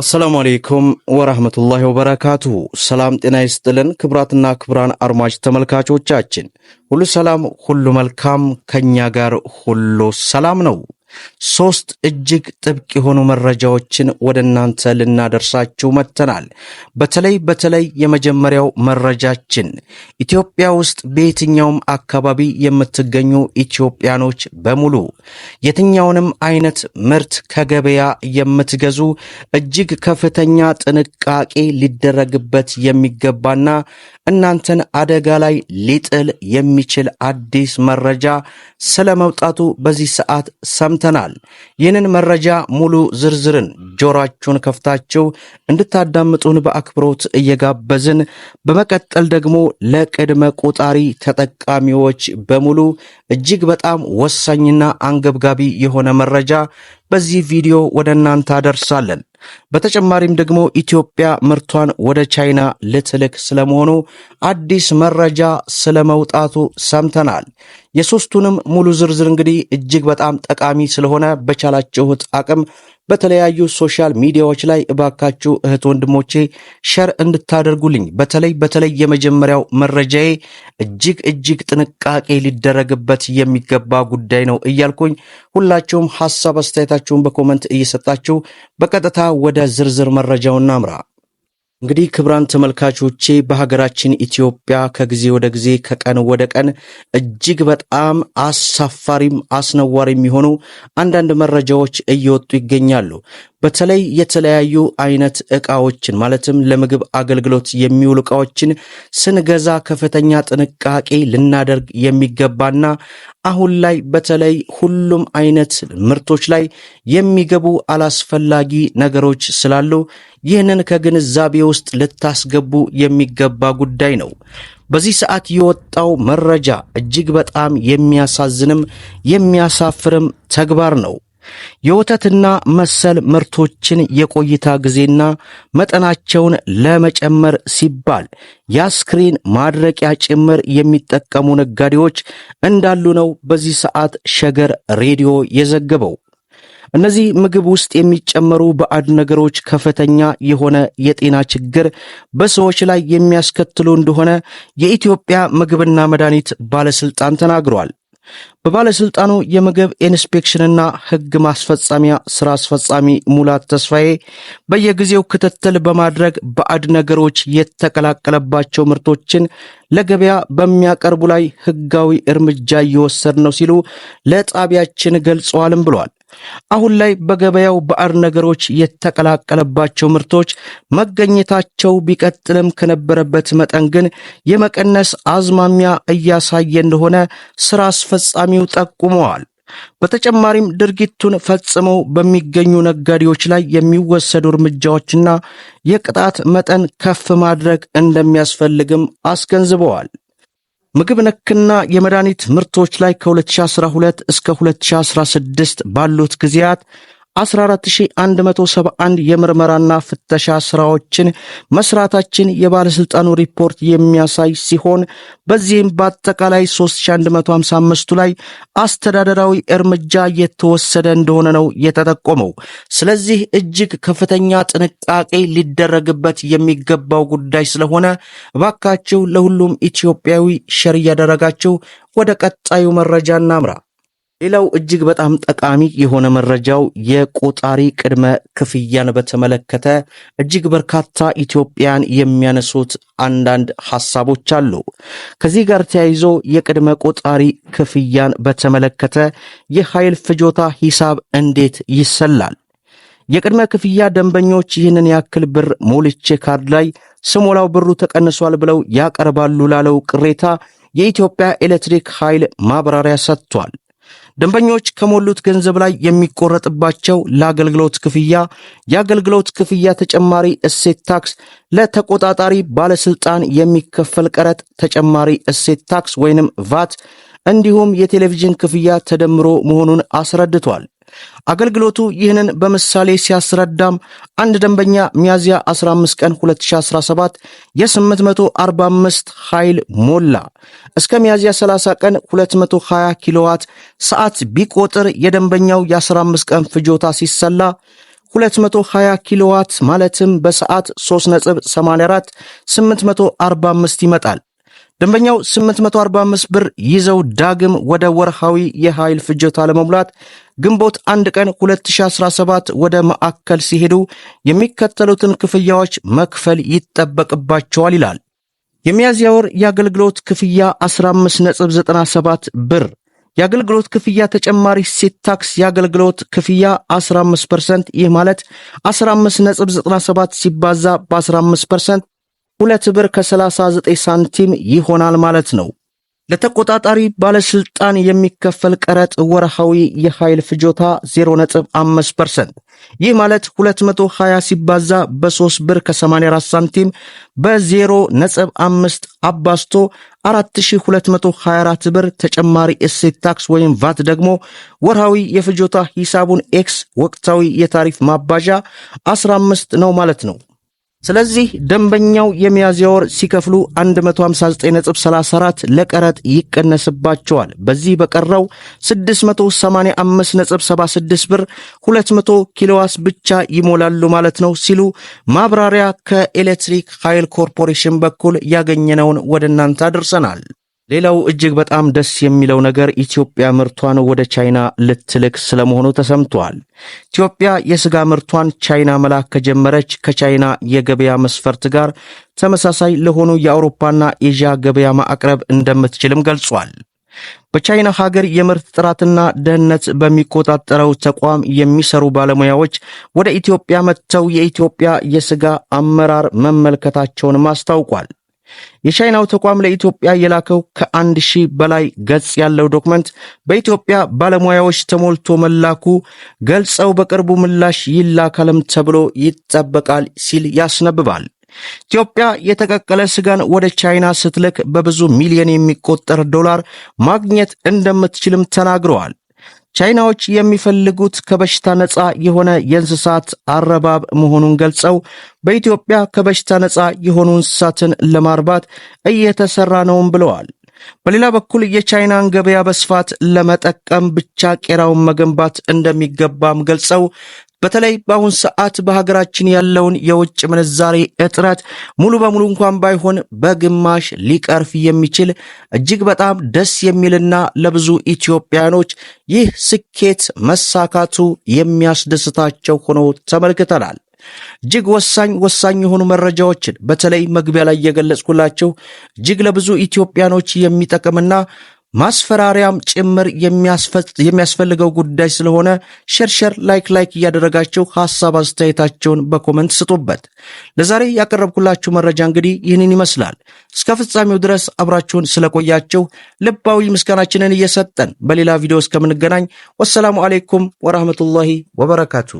አሰላሙ አሌይኩም ወራህመቱላሂ ወበረካቱሁ። ሰላም ጤና ይስጥልን። ክብራትና ክብራን አድማጭ ተመልካቾቻችን ሁሉ ሰላም፣ ሁሉ መልካም፣ ከእኛ ጋር ሁሉ ሰላም ነው። ሶስት እጅግ ጥብቅ የሆኑ መረጃዎችን ወደ እናንተ ልናደርሳችሁ መጥተናል። በተለይ በተለይ የመጀመሪያው መረጃችን ኢትዮጵያ ውስጥ በየትኛውም አካባቢ የምትገኙ ኢትዮጵያኖች በሙሉ የትኛውንም አይነት ምርት ከገበያ የምትገዙ እጅግ ከፍተኛ ጥንቃቄ ሊደረግበት የሚገባና እናንተን አደጋ ላይ ሊጥል የሚችል አዲስ መረጃ ስለመውጣቱ በዚህ ሰዓት ሰምተ አግኝተናል። ይህንን መረጃ ሙሉ ዝርዝርን ጆሮአችሁን ከፍታችሁ እንድታዳምጡን በአክብሮት እየጋበዝን በመቀጠል ደግሞ ለቅድመ ቆጣሪ ተጠቃሚዎች በሙሉ እጅግ በጣም ወሳኝና አንገብጋቢ የሆነ መረጃ በዚህ ቪዲዮ ወደ እናንተ አደርሳለን። በተጨማሪም ደግሞ ኢትዮጵያ ምርቷን ወደ ቻይና ልትልክ ስለመሆኑ አዲስ መረጃ ስለመውጣቱ ሰምተናል። የሶስቱንም ሙሉ ዝርዝር እንግዲህ እጅግ በጣም ጠቃሚ ስለሆነ በቻላችሁት አቅም በተለያዩ ሶሻል ሚዲያዎች ላይ እባካችሁ እህት ወንድሞቼ ሸር እንድታደርጉልኝ። በተለይ በተለይ የመጀመሪያው መረጃዬ እጅግ እጅግ ጥንቃቄ ሊደረግበት የሚገባ ጉዳይ ነው እያልኩኝ ሁላችሁም ሀሳብ አስተያየታችሁን በኮመንት እየሰጣችሁ በቀጥታ ወደ ዝርዝር መረጃው እናምራ። እንግዲህ ክብራን ተመልካቾቼ በሀገራችን ኢትዮጵያ ከጊዜ ወደ ጊዜ ከቀን ወደ ቀን እጅግ በጣም አሳፋሪም አስነዋሪም የሆኑ አንዳንድ መረጃዎች እየወጡ ይገኛሉ። በተለይ የተለያዩ አይነት እቃዎችን ማለትም ለምግብ አገልግሎት የሚውሉ እቃዎችን ስንገዛ ከፍተኛ ጥንቃቄ ልናደርግ የሚገባና አሁን ላይ በተለይ ሁሉም አይነት ምርቶች ላይ የሚገቡ አላስፈላጊ ነገሮች ስላሉ ይህንን ከግንዛቤ ውስጥ ልታስገቡ የሚገባ ጉዳይ ነው። በዚህ ሰዓት የወጣው መረጃ እጅግ በጣም የሚያሳዝንም የሚያሳፍርም ተግባር ነው። የወተትና መሰል ምርቶችን የቆይታ ጊዜና መጠናቸውን ለመጨመር ሲባል የአስክሬን ማድረቂያ ጭምር የሚጠቀሙ ነጋዴዎች እንዳሉ ነው በዚህ ሰዓት ሸገር ሬዲዮ የዘገበው። እነዚህ ምግብ ውስጥ የሚጨመሩ ባዕድ ነገሮች ከፍተኛ የሆነ የጤና ችግር በሰዎች ላይ የሚያስከትሉ እንደሆነ የኢትዮጵያ ምግብና መድኃኒት ባለስልጣን ተናግሯል። በባለስልጣኑ የምግብ ኢንስፔክሽንና ሕግ ማስፈጸሚያ ስራ አስፈጻሚ ሙላት ተስፋዬ በየጊዜው ክትትል በማድረግ ባዕድ ነገሮች የተቀላቀለባቸው ምርቶችን ለገበያ በሚያቀርቡ ላይ ሕጋዊ እርምጃ እየወሰድ ነው ሲሉ ለጣቢያችን ገልጸዋልም ብሏል። አሁን ላይ በገበያው ባዕድ ነገሮች የተቀላቀለባቸው ምርቶች መገኘታቸው ቢቀጥልም ከነበረበት መጠን ግን የመቀነስ አዝማሚያ እያሳየ እንደሆነ ስራ አስፈጻሚው ጠቁመዋል። በተጨማሪም ድርጊቱን ፈጽመው በሚገኙ ነጋዴዎች ላይ የሚወሰዱ እርምጃዎችና የቅጣት መጠን ከፍ ማድረግ እንደሚያስፈልግም አስገንዝበዋል። ምግብ ነክና የመድኃኒት ምርቶች ላይ ከ2012 እስከ 2016 ባሉት ጊዜያት 14171 የምርመራና ፍተሻ ስራዎችን መስራታችን የባለስልጣኑ ሪፖርት የሚያሳይ ሲሆን በዚህም በአጠቃላይ 3155ቱ ላይ አስተዳደራዊ እርምጃ የተወሰደ እንደሆነ ነው የተጠቆመው። ስለዚህ እጅግ ከፍተኛ ጥንቃቄ ሊደረግበት የሚገባው ጉዳይ ስለሆነ እባካችሁ ለሁሉም ኢትዮጵያዊ ሸር እያደረጋችሁ ወደ ቀጣዩ መረጃ እናምራ። ሌላው እጅግ በጣም ጠቃሚ የሆነ መረጃው የቆጣሪ ቅድመ ክፍያን በተመለከተ እጅግ በርካታ ኢትዮጵያን የሚያነሱት አንዳንድ ሐሳቦች አሉ። ከዚህ ጋር ተያይዞ የቅድመ ቆጣሪ ክፍያን በተመለከተ የኃይል ፍጆታ ሂሳብ እንዴት ይሰላል? የቅድመ ክፍያ ደንበኞች ይህንን ያክል ብር ሞልቼ ካርድ ላይ ስሞላው ብሩ ተቀንሷል ብለው ያቀርባሉ ላለው ቅሬታ የኢትዮጵያ ኤሌክትሪክ ኃይል ማብራሪያ ሰጥቷል። ደንበኞች ከሞሉት ገንዘብ ላይ የሚቆረጥባቸው ለአገልግሎት ክፍያ፣ የአገልግሎት ክፍያ ተጨማሪ እሴት ታክስ፣ ለተቆጣጣሪ ባለስልጣን የሚከፈል ቀረጥ፣ ተጨማሪ እሴት ታክስ ወይንም ቫት እንዲሁም የቴሌቪዥን ክፍያ ተደምሮ መሆኑን አስረድቷል። አገልግሎቱ ይህንን በምሳሌ ሲያስረዳም አንድ ደንበኛ ሚያዝያ 15 ቀን 2017 የ845 ኃይል ሞላ እስከ ሚያዝያ 30 ቀን 220 ኪሎዋት ሰዓት ቢቆጥር የደንበኛው የ15 ቀን ፍጆታ ሲሰላ 220 ኪሎዋት ማለትም በሰዓት 3.84 845 ይመጣል። ደንበኛው 845 ብር ይዘው ዳግም ወደ ወርሃዊ የኃይል ፍጆታ ለመሙላት ግንቦት 1 ቀን 2017 ወደ ማዕከል ሲሄዱ የሚከተሉትን ክፍያዎች መክፈል ይጠበቅባቸዋል ይላል። የሚያዝያ ወር የአገልግሎት ክፍያ 15.97 ብር፣ የአገልግሎት ክፍያ ተጨማሪ እሴት ታክስ የአገልግሎት ክፍያ 15 ፐርሰንት፣ ይህ ማለት 15.97 ሲባዛ በ15 ፐርሰንት ሁለት ብር ከ39 ሳንቲም ይሆናል ማለት ነው። ለተቆጣጣሪ ባለስልጣን የሚከፈል ቀረጥ ወርሃዊ የኃይል ፍጆታ 0.5%። ይህ ማለት 220 ሲባዛ በ3 ብር ከ84 ሳንቲም በ0.5 አባዝቶ 4224 ብር ተጨማሪ እሴት ታክስ ወይም ቫት ደግሞ ወርሃዊ የፍጆታ ሂሳቡን ኤክስ ወቅታዊ የታሪፍ ማባዣ 15 ነው ማለት ነው። ስለዚህ ደንበኛው የሚያዝያ ወር ሲከፍሉ 159.34 ለቀረጥ ይቀነስባቸዋል። በዚህ በቀረው 685.76 ብር 200 ኪሎዋስ ብቻ ይሞላሉ ማለት ነው ሲሉ ማብራሪያ ከኤሌክትሪክ ኃይል ኮርፖሬሽን በኩል ያገኘነውን ወደ እናንተ አድርሰናል። ሌላው እጅግ በጣም ደስ የሚለው ነገር ኢትዮጵያ ምርቷን ወደ ቻይና ልትልክ ስለመሆኑ ተሰምቷል። ኢትዮጵያ የስጋ ምርቷን ቻይና መላክ ከጀመረች ከቻይና የገበያ መስፈርት ጋር ተመሳሳይ ለሆኑ የአውሮፓና ኤዥያ ገበያ ማቅረብ እንደምትችልም ገልጿል። በቻይና ሀገር የምርት ጥራትና ደህንነት በሚቆጣጠረው ተቋም የሚሰሩ ባለሙያዎች ወደ ኢትዮጵያ መጥተው የኢትዮጵያ የስጋ አመራር መመልከታቸውንም አስታውቋል። የቻይናው ተቋም ለኢትዮጵያ የላከው ከአንድ ሺህ በላይ ገጽ ያለው ዶክመንት በኢትዮጵያ ባለሙያዎች ተሞልቶ መላኩ ገልጸው በቅርቡ ምላሽ ይላካልም ተብሎ ይጠበቃል ሲል ያስነብባል። ኢትዮጵያ የተቀቀለ ስጋን ወደ ቻይና ስትልክ በብዙ ሚሊዮን የሚቆጠር ዶላር ማግኘት እንደምትችልም ተናግረዋል። ቻይናዎች የሚፈልጉት ከበሽታ ነፃ የሆነ የእንስሳት አረባብ መሆኑን ገልጸው በኢትዮጵያ ከበሽታ ነፃ የሆኑ እንስሳትን ለማርባት እየተሰራ ነውም ብለዋል። በሌላ በኩል የቻይናን ገበያ በስፋት ለመጠቀም ብቻ ቄራውን መገንባት እንደሚገባም ገልጸው በተለይ በአሁን ሰዓት በሀገራችን ያለውን የውጭ ምንዛሬ እጥረት ሙሉ በሙሉ እንኳን ባይሆን በግማሽ ሊቀርፍ የሚችል እጅግ በጣም ደስ የሚልና ለብዙ ኢትዮጵያኖች ይህ ስኬት መሳካቱ የሚያስደስታቸው ሆኖ ተመልክተናል። እጅግ ወሳኝ ወሳኝ የሆኑ መረጃዎችን በተለይ መግቢያ ላይ እየገለጽኩላቸው እጅግ ለብዙ ኢትዮጵያኖች የሚጠቅምና ማስፈራሪያም ጭምር የሚያስፈልገው ጉዳይ ስለሆነ ሸርሸር ላይክ ላይክ እያደረጋቸው ሀሳብ አስተያየታቸውን በኮመንት ስጡበት። ለዛሬ ያቀረብኩላችሁ መረጃ እንግዲህ ይህንን ይመስላል። እስከ ፍጻሜው ድረስ አብራችሁን ስለቆያችሁ ልባዊ ምስጋናችንን እየሰጠን በሌላ ቪዲዮ እስከምንገናኝ ወሰላሙ አሌይኩም ወራህመቱላሂ ወበረካቱ።